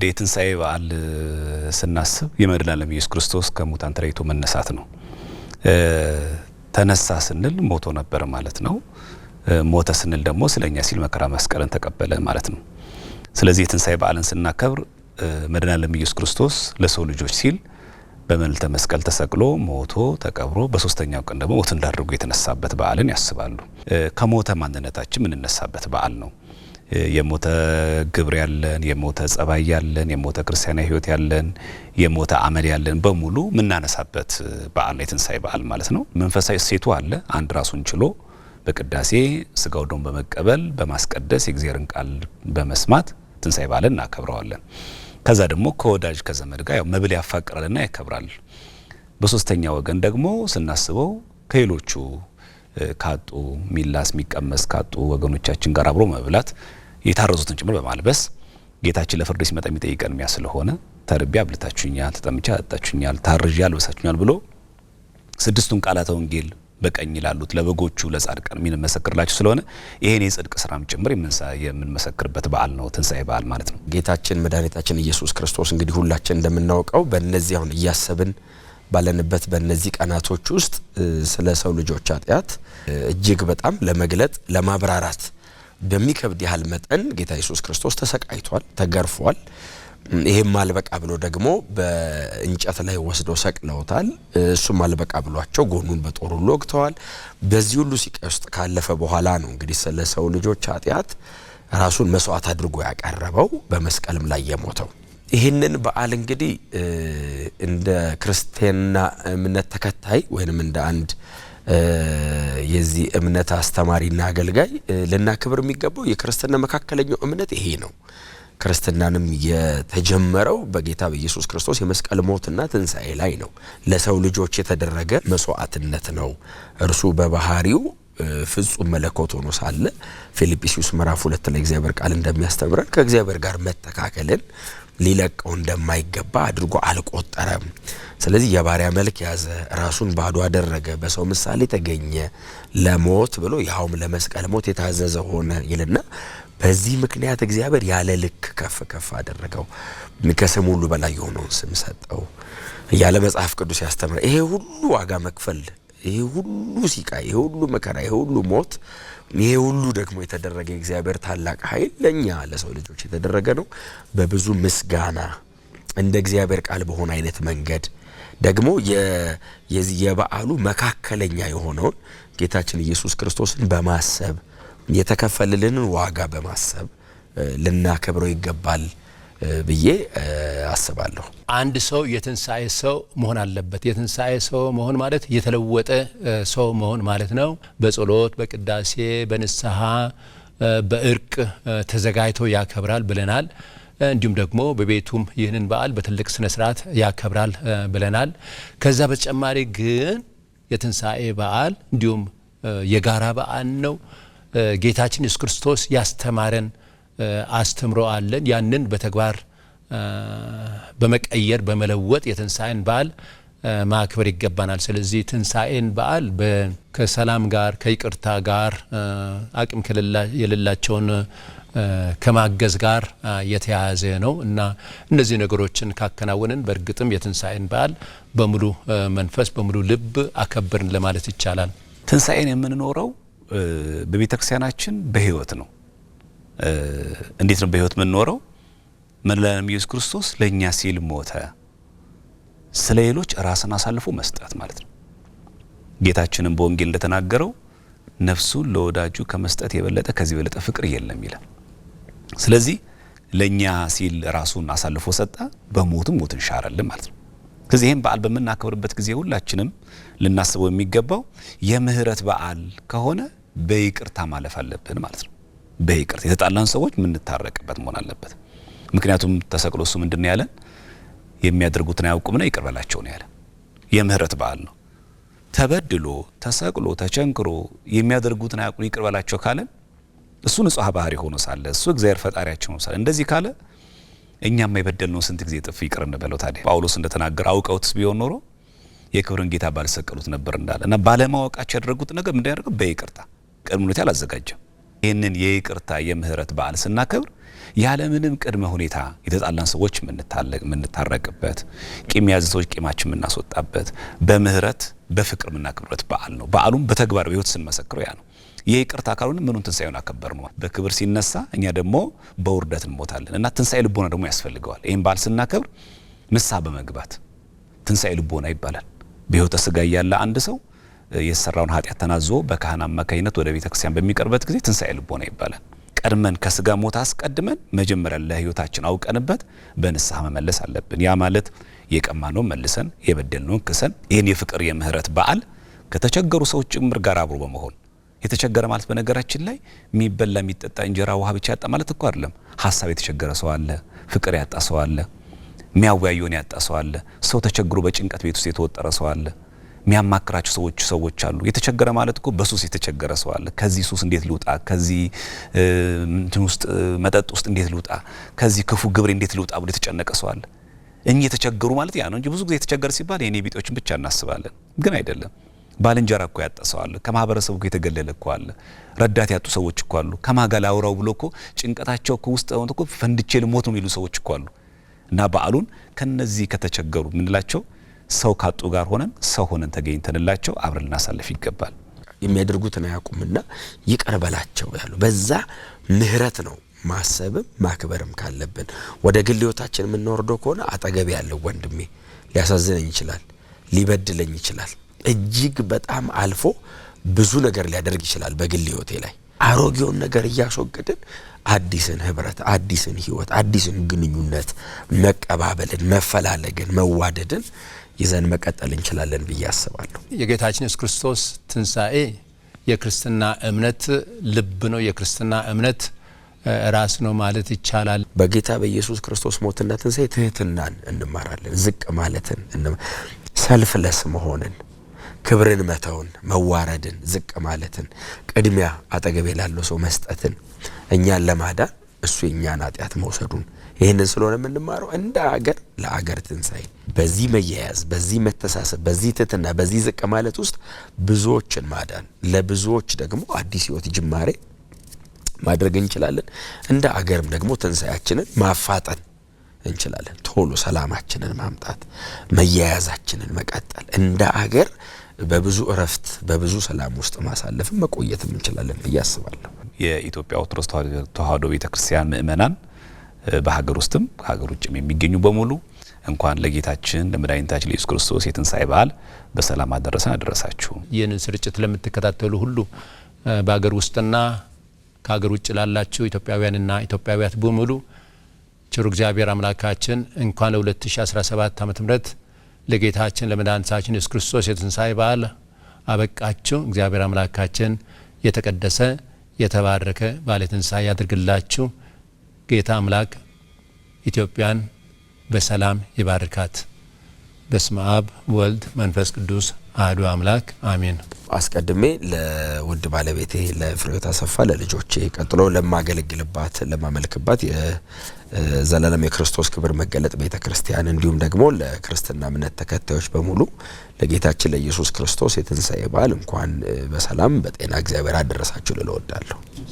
እንግዲህ የትንሣኤ በዓል ስናስብ የመድኃኔዓለም ኢየሱስ ክርስቶስ ከሙታን ተለይቶ መነሳት ነው። ተነሳ ስንል ሞቶ ነበር ማለት ነው። ሞተ ስንል ደግሞ ስለኛ ሲል መከራ መስቀልን ተቀበለ ማለት ነው። ስለዚህ የትንሣኤ በዓልን ስናከብር መድኃኔዓለም ኢየሱስ ክርስቶስ ለሰው ልጆች ሲል በመልዕልተ መስቀል ተሰቅሎ ሞቶ ተቀብሮ በሶስተኛው ቀን ደግሞ ሞትን አድርጎ የተነሳበት በዓልን ያስባሉ። ከሞተ ማንነታችን የምንነሳበት በዓል ነው። የሞተ ግብር ያለን፣ የሞተ ጸባይ ያለን፣ የሞተ ክርስቲያናዊ ህይወት ያለን፣ የሞተ አመል ያለን በሙሉ የምናነሳበት በዓል ነው የትንሳኤ በዓል ማለት ነው። መንፈሳዊ እሴቱ አለ አንድ ራሱን ችሎ በቅዳሴ ስጋው ደሙን በመቀበል በማስቀደስ የእግዚአብሔርን ቃል በመስማት ትንሳኤ በዓልን እናከብረዋለን። ከዛ ደግሞ ከወዳጅ ከዘመድ ጋር ያው መብል ያፋቅራልና ያከብራል። በሶስተኛ ወገን ደግሞ ስናስበው ከሌሎቹ ካጡ ሚላስ የሚቀመስ ካጡ ወገኖቻችን ጋር አብሮ መብላት የታረዙትን ጭምር በማልበስ ጌታችን ለፍርድ ሲመጣ የሚጠይቀን ሚያ ስለሆነ ተርቤ አብልታችሁኛል፣ ተጠምቼ አጠጣችሁኛል፣ ታርዤ አልበሳችሁኛል ብሎ ስድስቱን ቃላተ ወንጌል በቀኝ ላሉት ለበጎቹ ለጻድቃን የምንመሰክርላቸው ስለሆነ ይሄን የጽድቅ ስራም ጭምር የምንመሰክርበት በዓል ነው፣ ትንሣኤ በዓል ማለት ነው። ጌታችን መድኃኒታችን ኢየሱስ ክርስቶስ እንግዲህ ሁላችን እንደምናውቀው በእነዚህ አሁን እያሰብን ባለንበት በእነዚህ ቀናቶች ውስጥ ስለ ሰው ልጆች ኃጢአት እጅግ በጣም ለመግለጥ ለማብራራት በሚከብድ ያህል መጠን ጌታ ኢየሱስ ክርስቶስ ተሰቃይቷል፣ ተገርፏል። ይሄም አልበቃ ብሎ ደግሞ በእንጨት ላይ ወስደው ሰቅለውታል። እሱም አልበቃ ብሏቸው ጎኑን በጦር ሁሉ ወግተዋል። በዚህ ሁሉ ስቃይ ውስጥ ካለፈ በኋላ ነው እንግዲህ ስለ ሰው ልጆች ኃጢአት ራሱን መስዋዕት አድርጎ ያቀረበው በመስቀልም ላይ የሞተው ይህንን በዓል እንግዲህ እንደ ክርስትና እምነት ተከታይ ወይንም እንደ አንድ የዚህ እምነት አስተማሪና አገልጋይ ልናክብር የሚገባው የክርስትና መካከለኛው እምነት ይሄ ነው። ክርስትናንም የተጀመረው በጌታ በኢየሱስ ክርስቶስ የመስቀል ሞትና ትንሣኤ ላይ ነው። ለሰው ልጆች የተደረገ መስዋዕትነት ነው። እርሱ በባህሪው ፍጹም መለኮት ሆኖ ሳለ ፊልጵስዩስ ምዕራፍ ሁለት ላይ እግዚአብሔር ቃል እንደሚያስተምረን ከእግዚአብሔር ጋር መተካከልን ሊለቀው እንደማይገባ አድርጎ አልቆጠረም። ስለዚህ የባሪያ መልክ ያዘ፣ ራሱን ባዶ አደረገ፣ በሰው ምሳሌ ተገኘ፣ ለሞት ብሎ ያውም ለመስቀል ሞት የታዘዘ ሆነ ይልና በዚህ ምክንያት እግዚአብሔር ያለ ልክ ከፍ ከፍ አደረገው፣ ከስም ሁሉ በላይ የሆነውን ስም ሰጠው እያለ መጽሐፍ ቅዱስ ያስተምረ ይሄ ሁሉ ዋጋ መክፈል ይሄ ሁሉ ሲቃይ ይሄ ሁሉ መከራ፣ ይሄ ሁሉ ሞት፣ ይሄ ሁሉ ደግሞ የተደረገ የእግዚአብሔር ታላቅ ኃይል ለእኛ ለሰው ልጆች የተደረገ ነው። በብዙ ምስጋና እንደ እግዚአብሔር ቃል በሆነ አይነት መንገድ ደግሞ የበዓሉ መካከለኛ የሆነውን ጌታችን ኢየሱስ ክርስቶስን በማሰብ የተከፈልልንን ዋጋ በማሰብ ልናከብረው ይገባል። ብዬ አስባለሁ። አንድ ሰው የትንሣኤ ሰው መሆን አለበት። የትንሣኤ ሰው መሆን ማለት የተለወጠ ሰው መሆን ማለት ነው። በጸሎት፣ በቅዳሴ፣ በንስሐ፣ በእርቅ ተዘጋጅቶ ያከብራል ብለናል። እንዲሁም ደግሞ በቤቱም ይህንን በዓል በትልቅ ስነ ስርዓት ያከብራል ብለናል። ከዛ በተጨማሪ ግን የትንሣኤ በዓል እንዲሁም የጋራ በዓል ነው። ጌታችን ኢየሱስ ክርስቶስ ያስተማረን አስተምሮ አለን። ያንን በተግባር በመቀየር በመለወጥ የትንሣኤን በዓል ማክበር ይገባናል። ስለዚህ ትንሣኤን በዓል ከሰላም ጋር ከይቅርታ ጋር አቅም የሌላቸውን ከማገዝ ጋር የተያያዘ ነው እና እነዚህ ነገሮችን ካከናወንን በእርግጥም የትንሣኤን በዓል በሙሉ መንፈስ በሙሉ ልብ አከበርን ለማለት ይቻላል። ትንሣኤን የምንኖረው በቤተክርስቲያናችን በሕይወት ነው። እንዴት ነው በህይወት የምንኖረው? መድኃኒታችን ኢየሱስ ክርስቶስ ለእኛ ሲል ሞተ። ስለ ሌሎች ራስን አሳልፎ መስጠት ማለት ነው። ጌታችንም በወንጌል እንደተናገረው ነፍሱን ለወዳጁ ከመስጠት የበለጠ ከዚህ የበለጠ ፍቅር የለም ይላል። ስለዚህ ለእኛ ሲል ራሱን አሳልፎ ሰጠ፣ በሞትም ሞትን ሻረልን ማለት ነው። ከዚህ ይህም በዓል በምናከብርበት ጊዜ ሁላችንም ልናስበው የሚገባው የምህረት በዓል ከሆነ በይቅርታ ማለፍ አለብን ማለት ነው። በይቅርት የተጣላን ሰዎች የምንታረቅበት መሆን አለበት። ምክንያቱም ተሰቅሎ እሱ ምንድን ነው ያለን? የሚያደርጉትን አያውቁምና ይቅር በላቸው ነው ያለ። የምህረት በዓል ነው። ተበድሎ ተሰቅሎ ተቸንክሮ የሚያደርጉትን አያውቁ ይቅር በላቸው ካለን እሱ ንጹሐ ባህሪ ሆኖ ሳለ እሱ እግዚአብሔር ፈጣሪያችን ነው ሳለ እንደዚህ ካለ እኛም የበደልነው ስንት ጊዜ ጥፍ ይቅር እንበለው። ታዲያ ጳውሎስ እንደተናገረ አውቀውትስ ቢሆን ኖሮ የክብርን ጌታ ባልሰቀሉት ነበር እንዳለ እና ባለማወቃቸው ያደረጉት ነገር ምንድን ያደርገው በይቅርታ ቀድሞ ሁኔታ አላዘጋጀም። ይህንን የይቅርታ የምህረት በዓል ስናከብር ያለምንም ቅድመ ሁኔታ የተጣላን ሰዎች የምንታረቅበት፣ ቂም የያዘ ሰዎች ቂማችን የምናስወጣበት፣ በምህረት በፍቅር የምናከብርበት በዓል ነው። በዓሉም በተግባር በህይወት ስንመሰክረው ያ ነው። ይህ ይቅርታ ካልሆነ ምኑን ትንሣኤውን አከበር ነው። በክብር ሲነሳ እኛ ደግሞ በውርደት እንሞታለን እና ትንሣኤ ልቦና ደግሞ ያስፈልገዋል። ይህም በዓል ስናከብር ንስሐ በመግባት ትንሣኤ ልቦና ይባላል። በህይወተ ስጋ እያለ አንድ ሰው የተሰራውን ኃጢአት ተናዞ በካህን አማካኝነት ወደ ቤተ ክርስቲያን በሚቀርበት ጊዜ ትንሣኤ ልቦና ይባላል። ቀድመን ከስጋ ሞት አስቀድመን መጀመሪያ ለህይወታችን አውቀንበት በንስሐ መመለስ አለብን። ያ ማለት የቀማነውን መልሰን የበደልነውን ክሰን ይህን የፍቅር የምህረት በዓል ከተቸገሩ ሰዎች ጭምር ጋር አብሮ በመሆን የተቸገረ ማለት በነገራችን ላይ የሚበላ የሚጠጣ እንጀራ ውሃ ብቻ ያጣ ማለት እኮ አይደለም። ሀሳብ የተቸገረ ሰው አለ፣ ፍቅር ያጣ ሰው አለ፣ የሚያወያየውን ያጣ ሰው አለ፣ ሰው ተቸግሮ በጭንቀት ቤት ውስጥ የተወጠረ ሰው አለ። የሚያማክራቸው ሰዎች ሰዎች አሉ። የተቸገረ ማለት እኮ በሱስ የተቸገረ ሰው አለ። ከዚህ ሱስ እንዴት ልውጣ፣ ከዚህ እንትን ውስጥ መጠጥ ውስጥ እንዴት ልውጣ፣ ከዚህ ክፉ ግብሬ እንዴት ልውጣ ብሎ የተጨነቀ ሰው አለ። እኚህ የተቸገሩ ማለት ያ ነው እንጂ ብዙ ጊዜ የተቸገረ ሲባል የእኔ ቢጤዎችን ብቻ እናስባለን፣ ግን አይደለም። ባልንጀራ እኮ ያጣ ሰው አለ። ከማህበረሰቡ እኮ የተገለለ እኮ አለ። ረዳት ያጡ ሰዎች እኮ አሉ። ከማጋል አውራው ብሎ እኮ ጭንቀታቸው እኮ ውስጥ ሆነ እኮ ፈንድቼ ልሞት ነው የሚሉ ሰዎች እኮ አሉ። እና በዓሉን ከነዚህ ከተቸገሩ ምንላቸው ሰው ካጡ ጋር ሆነን ሰው ሆነን ተገኝተንላቸው አብረን ልናሳልፍ ይገባል። የሚያደርጉትን አያውቁምና ይቅር በላቸው ያሉ በዛ ምህረት ነው ማሰብም ማክበርም ካለብን ወደ ግል ህይወታችን የምንወርደው ከሆነ አጠገብ ያለው ወንድሜ ሊያሳዝነኝ ይችላል፣ ሊበድለኝ ይችላል፣ እጅግ በጣም አልፎ ብዙ ነገር ሊያደርግ ይችላል በግል ህይወቴ ላይ። አሮጌውን ነገር እያስወገድን አዲስን ህብረት፣ አዲስን ህይወት፣ አዲስን ግንኙነት መቀባበልን፣ መፈላለግን፣ መዋደድን ይዘን መቀጠል እንችላለን ብዬ አስባለሁ። የጌታችን ኢየሱስ ክርስቶስ ትንሣኤ የክርስትና እምነት ልብ ነው። የክርስትና እምነት ራስ ነው ማለት ይቻላል። በጌታ በኢየሱስ ክርስቶስ ሞትና ትንሣኤ ትህትናን እንማራለን፣ ዝቅ ማለትን፣ ሰልፍለስ መሆንን፣ ክብርን መተውን፣ መዋረድን፣ ዝቅ ማለትን፣ ቅድሚያ አጠገቤ ላለው ሰው መስጠትን፣ እኛን ለማዳን እሱ የእኛን ኃጢአት መውሰዱን ይህንን ስለሆነ የምንማረው እንደ አገር ለአገር ትንሣኤ በዚህ መያያዝ፣ በዚህ መተሳሰብ፣ በዚህ ትትና፣ በዚህ ዝቅ ማለት ውስጥ ብዙዎችን ማዳን ለብዙዎች ደግሞ አዲስ ህይወት ጅማሬ ማድረግ እንችላለን። እንደ አገርም ደግሞ ትንሣኤያችንን ማፋጠን እንችላለን። ቶሎ ሰላማችንን ማምጣት፣ መያያዛችንን መቀጠል እንደ አገር በብዙ እረፍት በብዙ ሰላም ውስጥ ማሳለፍን መቆየትም እንችላለን ብዬ አስባለሁ። የኢትዮጵያ ኦርቶዶክስ ተዋሕዶ ቤተክርስቲያን ምእመናን በሀገር ውስጥም ከሀገር ውጭም የሚገኙ በሙሉ እንኳን ለጌታችን ለመድኃኒታችን ለኢየሱስ ክርስቶስ የትንሣኤ በዓል በሰላም አደረሰን አደረሳችሁ። ይህንን ስርጭት ለምትከታተሉ ሁሉ በሀገር ውስጥና ከሀገር ውጭ ላላችሁ ኢትዮጵያውያንና ኢትዮጵያውያት በሙሉ ችሩ እግዚአብሔር አምላካችን እንኳን ለ2017 ዓመተ ምህረት ለጌታችን ለመድኃኒታችን ኢየሱስ ክርስቶስ የትንሣኤ በዓል አበቃችሁ። እግዚአብሔር አምላካችን የተቀደሰ የተባረከ በዓለ ትንሣኤ ያድርግላችሁ። ጌታ አምላክ ኢትዮጵያን በሰላም ይባርካት። በስመ አብ ወልድ መንፈስ ቅዱስ አህዱ አምላክ አሜን። አስቀድሜ ለውድ ባለቤቴ ለፍሬዎት አሰፋ፣ ለልጆቼ ቀጥሎ ለማገለግልባት ለማመልክባት የዘላለም የክርስቶስ ክብር መገለጥ ቤተ ክርስቲያን እንዲሁም ደግሞ ለክርስትና እምነት ተከታዮች በሙሉ ለጌታችን ለኢየሱስ ክርስቶስ የትንሣኤ በዓል እንኳን በሰላም በጤና እግዚአብሔር አደረሳችሁ ልለወዳለሁ።